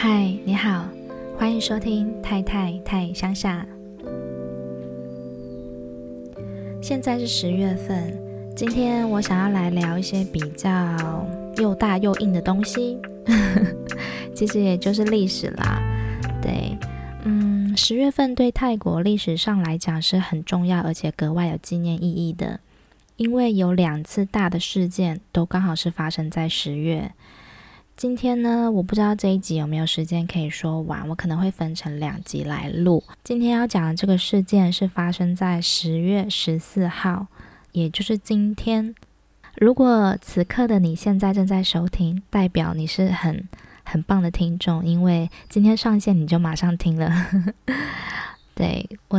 嗨，Hi, 你好，歡迎收聽泰泰泰鄉下。現在是十月份，今天我想要來聊一些比較又大又硬的東西， 其實也就是歷史啦。對，嗯，十月份對泰國歷史上來講是很重要，而且格外有紀念意義的，因為有兩次大的事件都剛好是發生在十月。今天呢，我不知道這一集有沒有時間可以說完，我可能會分成兩集來錄。今天要講的這個事件是發生在十月十四號，也就是今天。如果此刻的你現在正在收聽，代表你是很很棒的聽眾，因為今天上線你就馬上聽了。 對，我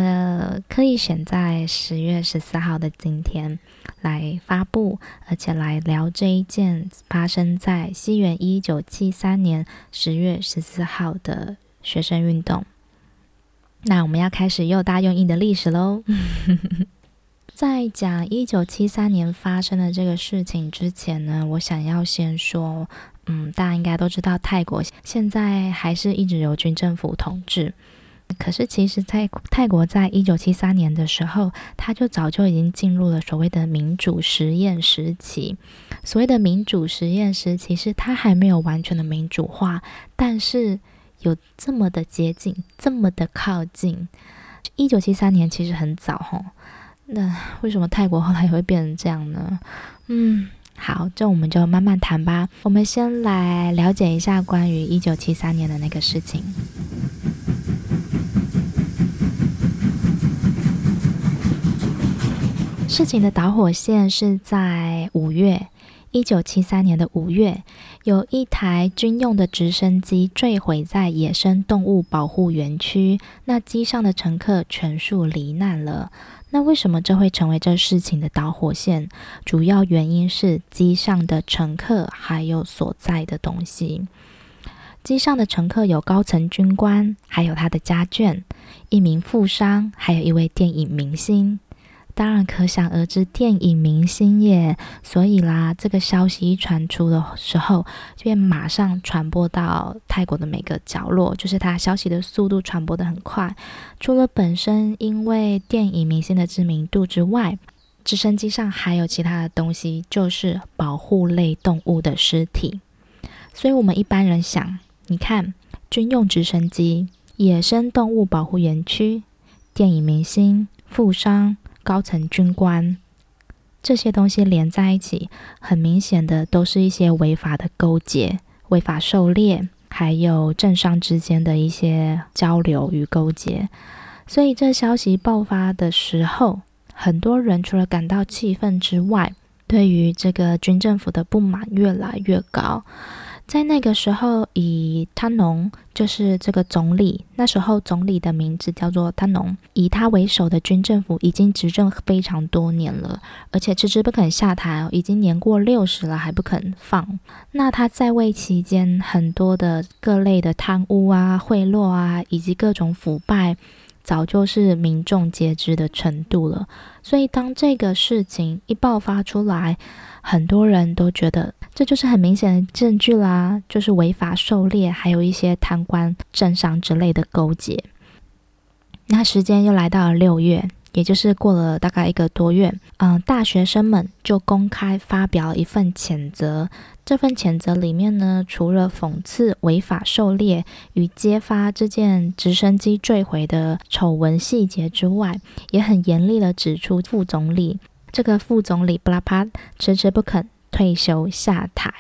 可以選在十月十四號的今天來發布，而且來聊這一件發生在西元一九七三年十月十四號的學生運動。那我們要開始又大又硬的歷史嘍！ 在講一九七三年發生的這個事情之前呢，我想要先說，嗯，大家應該都知道，泰國現在還是一直由軍政府統治。可是，其實，在泰國，在一九七三年的時候，他就早就已經進入了所謂的民主實驗時期。所謂的民主實驗時期，其實它還沒有完全的民主化，但是有這麼的接近，這麼的靠近。一九七三年其實很早，哦，吼。那為什麼泰國後來也會變成這樣呢？嗯，好，這我們就慢慢談吧。我們先來了解一下關於一九七三年的那個事情。事情的導火線是在五月，一九七三年的五月，有一台軍用的直升機墜毀在野生動物保護園區，那機上的乘客全數罹難了。那為什麼這會成為這事情的導火線？主要原因是機上的乘客還有所在的東西。機上的乘客有高層軍官，還有他的家眷，一名富商，還有一位電影明星。當然，可想而知，電影明星耶，所以啦，這個消息一傳出的時候，便馬上傳播到泰國的每個角落，就是它消息的速度傳播得很快。除了本身因為電影明星的知名度之外，直升機上還有其他的東西，就是保護類動物的屍體。所以，我們一般人想，你看，軍用直升機、野生動物保護園區、電影明星、富商。高層軍官這些東西連在一起，很明顯的都是一些違法的勾結、違法狩獵，還有政商之間的一些交流與勾結。所以，這消息爆發的時候，很多人除了感到氣憤之外，對於這個軍政府的不滿越來越高。在那個時候，以他儂就是這個總理。那時候總理的名字叫做他儂，以他為首的軍政府已經執政非常多年了，而且遲遲不肯下台，已經年過六十了還不肯放。那他在位期間，很多的各類的貪污啊、賄賂啊，以及各種腐敗，早就是民眾皆知的程度了。所以當這個事情一爆發出來，很多人都覺得。這就是很明顯的證據啦，就是違法狩獵，還有一些貪官、政商之類的勾結。那時間又來到了六月，也就是過了大概一個多月，嗯、呃，大學生們就公開發表了一份譴責。這份譴責裡面呢，除了諷刺違法狩獵與揭發這件直升機墜毀的醜聞細節之外，也很嚴厲地指出副總理這個副總理布拉帕遲遲不肯，退休下台，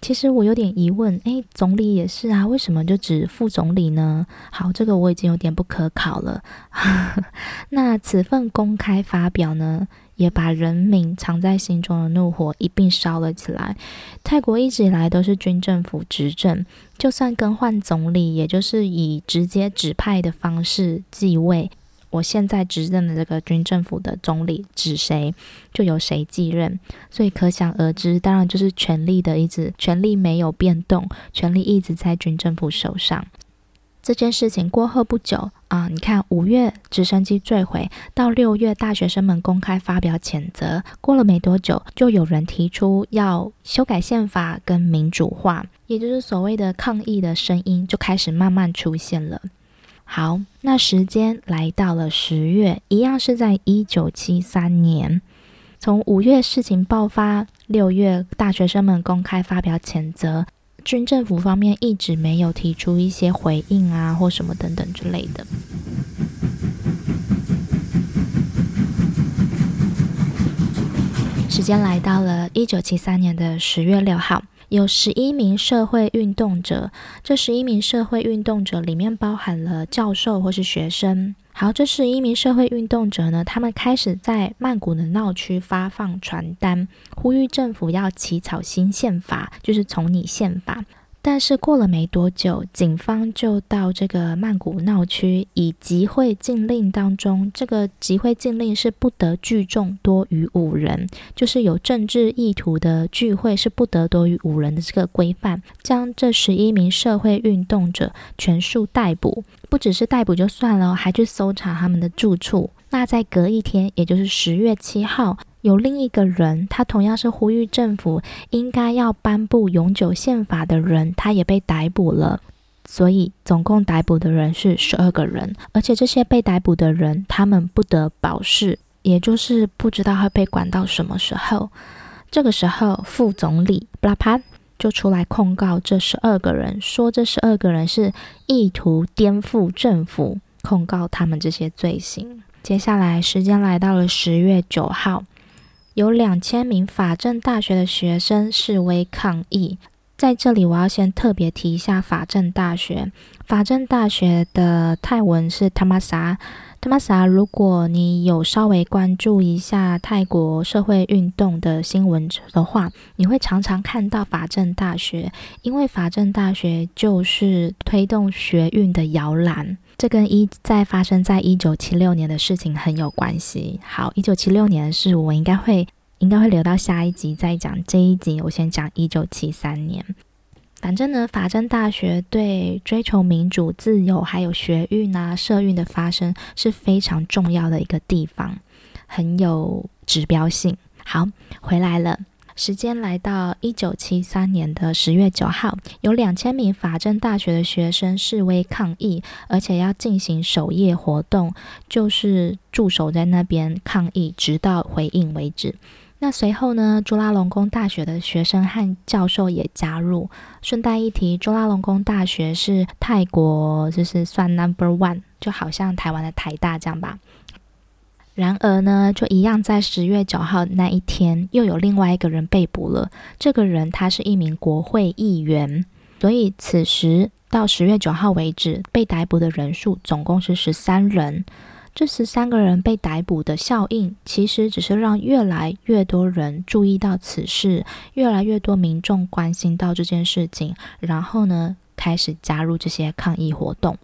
其實我有點疑問，哎，總理也是啊，為什麼就只副總理呢？好，這個我已經有點不可考了。 那此份公開發表呢，也把人民藏在心中的怒火一併燒了起來。泰國一直以來都是軍政府執政，就算更換總理，也就是以直接指派的方式繼位。我現在執政的這個軍政府的總理指誰，就由誰繼任，所以可想而知，當然就是權力的一直權力沒有變動，權力一直在軍政府手上。這件事情過後不久啊、呃，你看五月直升機墜毀，到六月大學生們公開發表譴責，過了沒多久，就有人提出要修改憲法跟民主化，也就是所謂的抗議的聲音就開始慢慢出現了。好，那時間來到了十月，一樣是在一九七三年。從五月事情爆發，六月大學生們公開發表譴責，軍政府方面一直沒有提出一些回應啊，或什麼等等之類的。時間來到了一九七三年的十月六號。有十一名社會運動者，這十一名社會運動者裡面包含了教授或是學生。好，這十一名社會運動者呢，他們開始在曼谷的鬧區發放傳單，呼籲政府要起草新憲法，就是重擬憲法。但是過了沒多久，警方就到這個曼谷鬧區，以集會禁令當中，這個集會禁令是不得聚眾多於五人，就是有政治意圖的聚會是不得多於五人的這個規範，將這十一名社會運動者全數逮捕，不只是逮捕就算了，還去搜查他們的住處。那在隔一天，也就是十月七號。有另一個人，他同樣是呼籲政府應該要頒布永久憲法的人，他也被逮捕了。所以總共逮捕的人是十二個人，而且這些被逮捕的人，他們不得保釋，也就是不知道會被關到什麼時候。這個時候，副總理布拉潘就出來控告這十二個人，說這十二個人是意圖顛覆政府，控告他們這些罪行。接下來時間來到了十月九號。有兩千名法政大學的學生示威抗議。在這裡，我要先特別提一下法政大學。法政大學的泰文是 Thammasat。Thammasat，如果你有稍微關注一下泰國社會運動的新聞的話，你會常常看到法政大學，因為法政大學就是推動學運的搖籃。這跟一在發生在一九七六年的事情很有關係。好，一九七六年的事，我應該會應該會留到下一集再講。這一集我先講一九七三年。反正呢，法政大學對追求民主、自由還有學運啊、社運的發生是非常重要的一個地方，很有指標性。好，回來了。時間來到一九七三年的十月九號，有兩千名法政大學的學生示威抗議，而且要進行守夜活動，就是駐守在那邊抗議，直到回應為止。那隨後呢，朱拉隆功大學的學生和教授也加入。順帶一提，朱拉隆功大學是泰國就是算 number one，就好像台灣的台大這樣吧。然而呢，就一樣在十月九號那一天，又有另外一個人被捕了。這個人他是一名國會議員，所以此時到十月九號為止，被逮捕的人數總共是十三人。這十三個人被逮捕的效應，其實只是讓越來越多人注意到此事，越來越多民眾關心到這件事情，然後呢，開始加入這些抗議活動。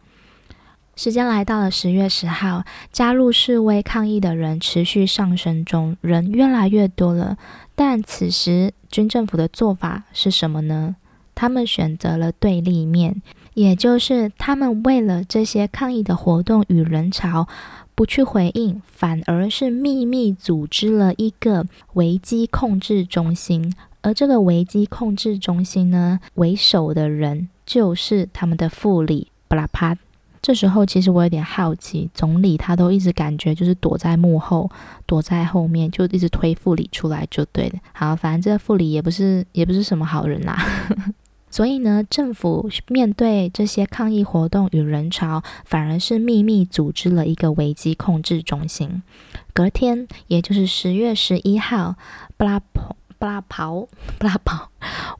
時間來到了十月十號，加入示威抗議的人持續上升中，人越來越多了。但此時軍政府的做法是什麼呢？他們選擇了對立面，也就是他們為了這些抗議的活動與人潮不去回應，反而是秘密組織了一個危機控制中心。而這個危機控制中心呢，為首的人就是他們的副理布拉帕。這時候其實我有點好奇，總理他都一直感覺就是躲在幕後，躲在後面，就一直推副理出來就對了。好，反正這個副理也不是也不是什麼好人啦、啊。 所以呢，政府面對這些抗議活動與人潮，反而是秘密組織了一個危機控制中心。隔天，也就是十月十一號，布拉帕。布拉刨，布拉刨，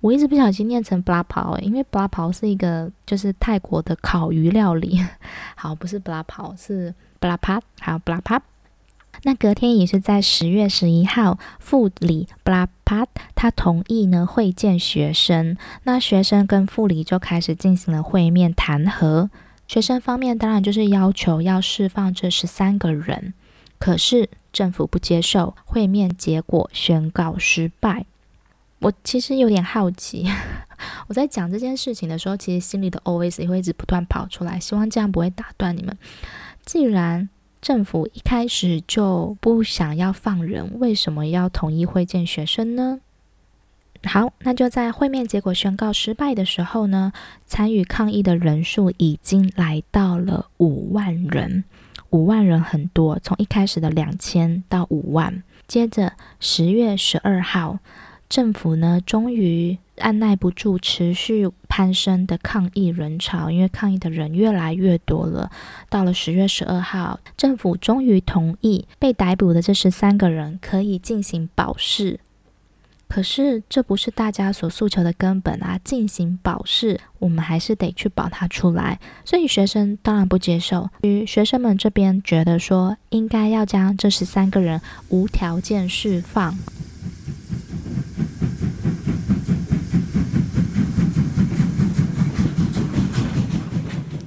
我一直不小心念成布拉刨，因為布拉刨是一個就是泰國的烤魚料理。好，不是布拉刨，是布拉帕，好，布拉帕。那隔天也是在十月十一號，副理布拉帕他同意呢會見學生，那學生跟副理就開始進行了會面談和。學生方面當然就是要求要釋放這十三個人，可是。政府不接受會面結果，宣告失敗。我其實有點好奇， 我在講這件事情的時候，其實心裡的 OS 也會一直不斷跑出來，希望這樣不會打斷你們。既然政府一開始就不想要放人，為什麼要同意會見學生呢？好，那就在會面結果宣告失敗的時候呢，參與抗議的人數已經來到了五萬人。五萬人很多，從一開始的兩千到五萬。接着十月十二號，政府呢終於按捺不住持續攀升的抗議人潮，因為抗議的人越來越多了。到了十月十二號，政府終於同意被逮捕的這十三個人可以進行保釋。可是，這不是大家所訴求的根本啊！進行保釋，我們還是得去保他出來，所以學生當然不接受。於學生們這邊覺得說，應該要將這十三個人無條件釋放。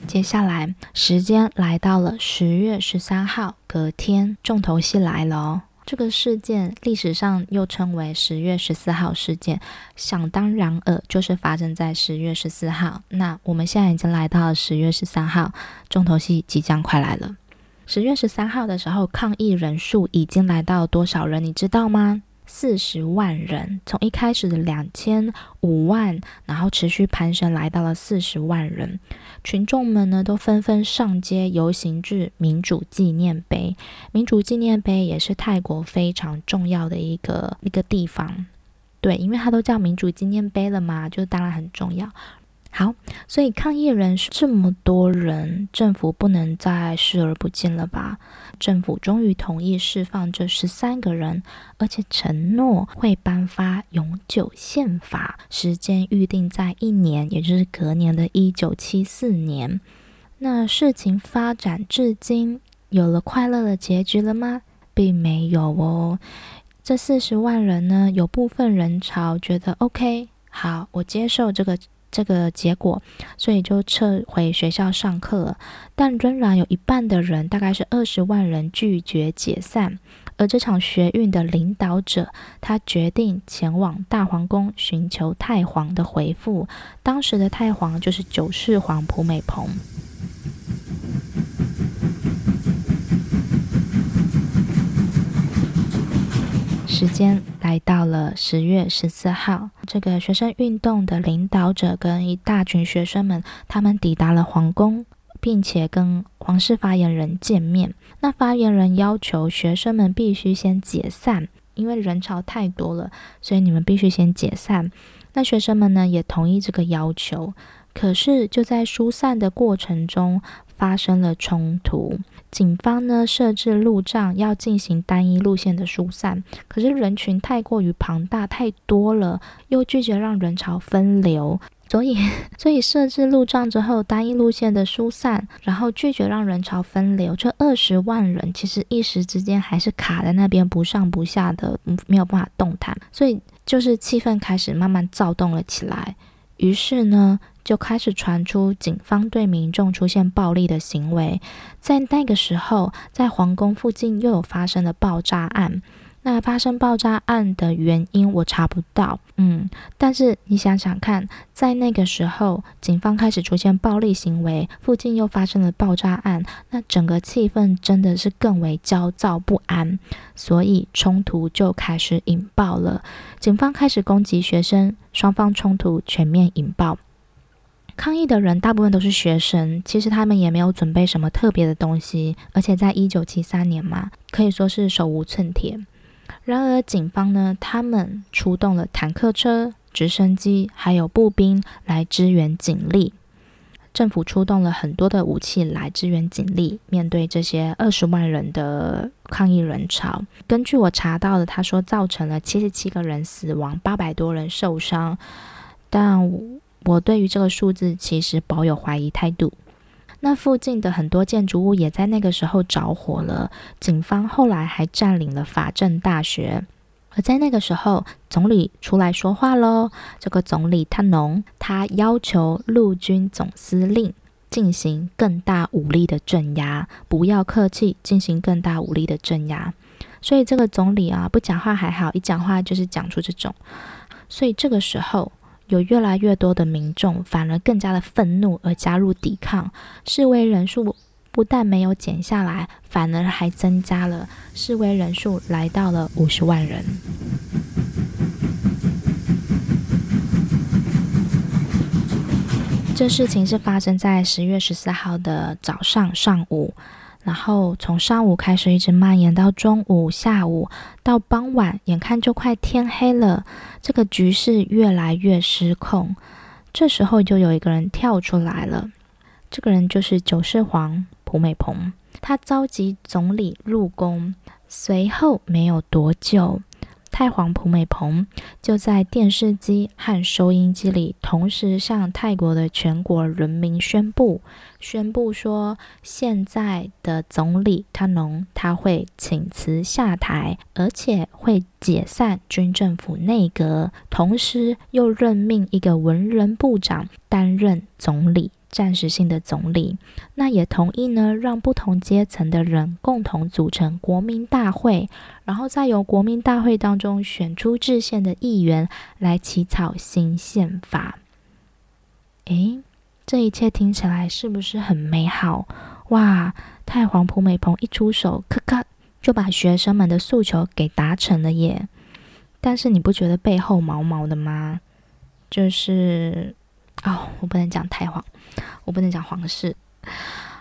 接下來，時間來到了十月十三號，隔天，重頭戲來了哦。這個事件歷史上又稱為十月十四號事件，想當然爾，就是發生在十月十四號。那我們現在已經來到了十月十三號，重頭戲即將快來了。十月十三號的時候，抗議人數已經來到多少人？你知道嗎？四十萬人，從一開始的兩千五萬，然後持續攀升，來到了四十萬人。群眾們呢，都紛紛上街遊行至民主紀念碑。民主紀念碑也是泰國非常重要的一個一個地方。對，因為它都叫民主紀念碑了嘛，就當然很重要。好，所以抗議人士這麼多人，政府不能再視而不見了吧？政府終於同意釋放這十三個人，而且承諾會頒發永久憲法，時間預定在一年，也就是隔年的一九七四年。那事情發展至今，有了快樂的結局了嗎？並沒有哦。這四十萬人呢，有部分人潮覺得 OK，好，我接受這個。這個結果，所以就撤回學校上課了。但仍然有一半的人，大概是二十萬人拒絕解散。而這場學運的領導者，他決定前往大皇宮尋求泰皇的回復。當時的泰皇就是九世皇普美蓬。時間來到了十月十四號，這個學生運動的領導者跟一大群學生們，他們抵達了皇宮，並且跟皇室發言人見面。那發言人要求學生們必須先解散，因為人潮太多了，所以你們必須先解散。那學生們呢也同意這個要求，可是就在疏散的過程中發生了衝突。警方呢設置路障，要進行單一路線的疏散，可是人群太過於龐大，太多了，又拒絕讓人潮分流，所以所以設置路障之後，單一路線的疏散，然後拒絕讓人潮分流，這二十萬人其實一時之間還是卡在那邊不上不下的，沒有辦法動彈，所以就是氣氛開始慢慢躁動了起來，於是呢。就開始傳出警方對民眾出現暴力的行為，在那個時候，在皇宮附近又有發生了爆炸案。那發生爆炸案的原因我查不到，嗯，但是你想想看，在那個時候，警方開始出現暴力行為，附近又發生了爆炸案，那整個氣氛真的是更為焦躁不安，所以衝突就開始引爆了，警方開始攻擊學生，雙方衝突全面引爆。抗議的人大部分都是學生，其實他們也沒有準備什麼特別的東西，而且在一九七三年嘛，可以說是手無寸鐵。然而，警方呢，他們出動了坦克車、直升機，還有步兵來支援警力。政府出動了很多的武器來支援警力。面對這些二十萬人的抗議人潮，根據我查到的，他說造成了七十七個人死亡，八百多人受傷，但我對於這個數字其實抱有懷疑態度。那附近的很多建築物也在那個時候着火了。警方後來還佔領了法政大學。而在那個時候，總理出來說話嘍。這個總理他農，他要求陸軍總司令進行更大武力的鎮壓，不要客氣，進行更大武力的鎮壓。所以這個總理啊，不講話還好，一講話就是講出這種。所以這個時候。有越來越多的民眾反而更加的憤怒而加入抵抗，示威人數不但沒有減下來，反而還增加了，示威人數來到了五十萬人。這事情是發生在十月十四號的早上上午。然後從上午開始，一直蔓延到中午、下午，到傍晚，眼看就快天黑了，這個局勢越來越失控。這時候，就有一個人跳出來了，這個人就是九世皇蒲美蓬，他召集總理入宮，隨後沒有多久。泰皇蒲美蓬就在電視機和收音機裡同時向泰國的全國人民宣布，宣布說，現在的總理他儂他會請辭下台，而且會解散軍政府內閣，同時又任命一個文人部長擔任總理。暫時性的總理，那也同意呢，讓不同階層的人共同組成國民大會，然後再由國民大會當中選出制憲的議員來起草新憲法。誒、欸，這一切聽起來是不是很美好？哇，泰皇普美蓬一出手，咔咔就把學生們的訴求給達成了耶！但是你不覺得背後毛毛的嗎？就是。哦，我不能講泰皇，我不能講皇室。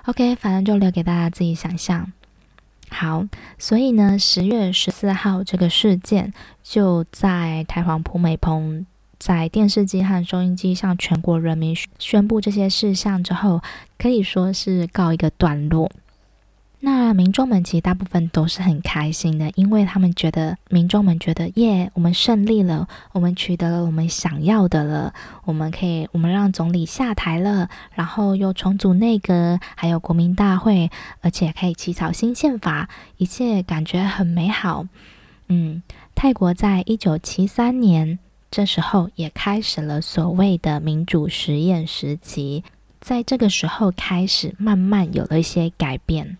OK，反正就留給大家自己想象。好，所以呢，十月十四號這個事件，就在泰皇蒲美蓬在電視機和收音機向全國人民宣布這些事項之後，可以說是告一個段落。那民眾們其實大部分都是很開心的，因為他們覺得民眾們覺得耶，我們勝利了，我們取得了我們想要的了，我們可以我們讓總理下台了，然後又重組內閣，還有國民大會，而且可以起草新憲法，一切感覺很美好。嗯，泰國在一九七三年這時候也開始了所謂的民主實驗時期，在這個時候開始慢慢有了一些改變。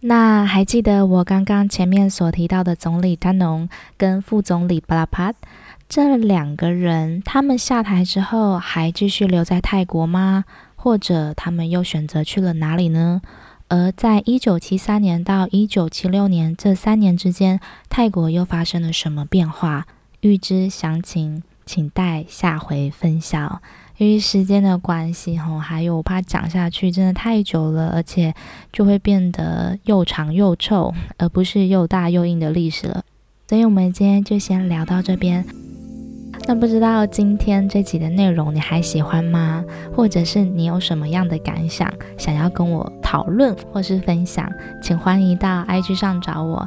那還記得我剛剛前面所提到的總理丹農跟副總理巴拉帕這兩個人，他們下台之後還繼續留在泰國嗎？或者他們又選擇去了哪裡呢？而在1973年到1976年這三年之間，泰國又發生了什麼變化？欲知詳情。請待下回分享。由於時間的關係，吼，還有我怕講下去真的太久了，而且就會變得又長又臭，而不是又大又硬的歷史了。所以，我們今天就先聊到這邊。那不知道今天這集的內容你還喜歡嗎？或者是你有什麼樣的感想，想要跟我討論或是分享，請歡迎到 IG 上找我。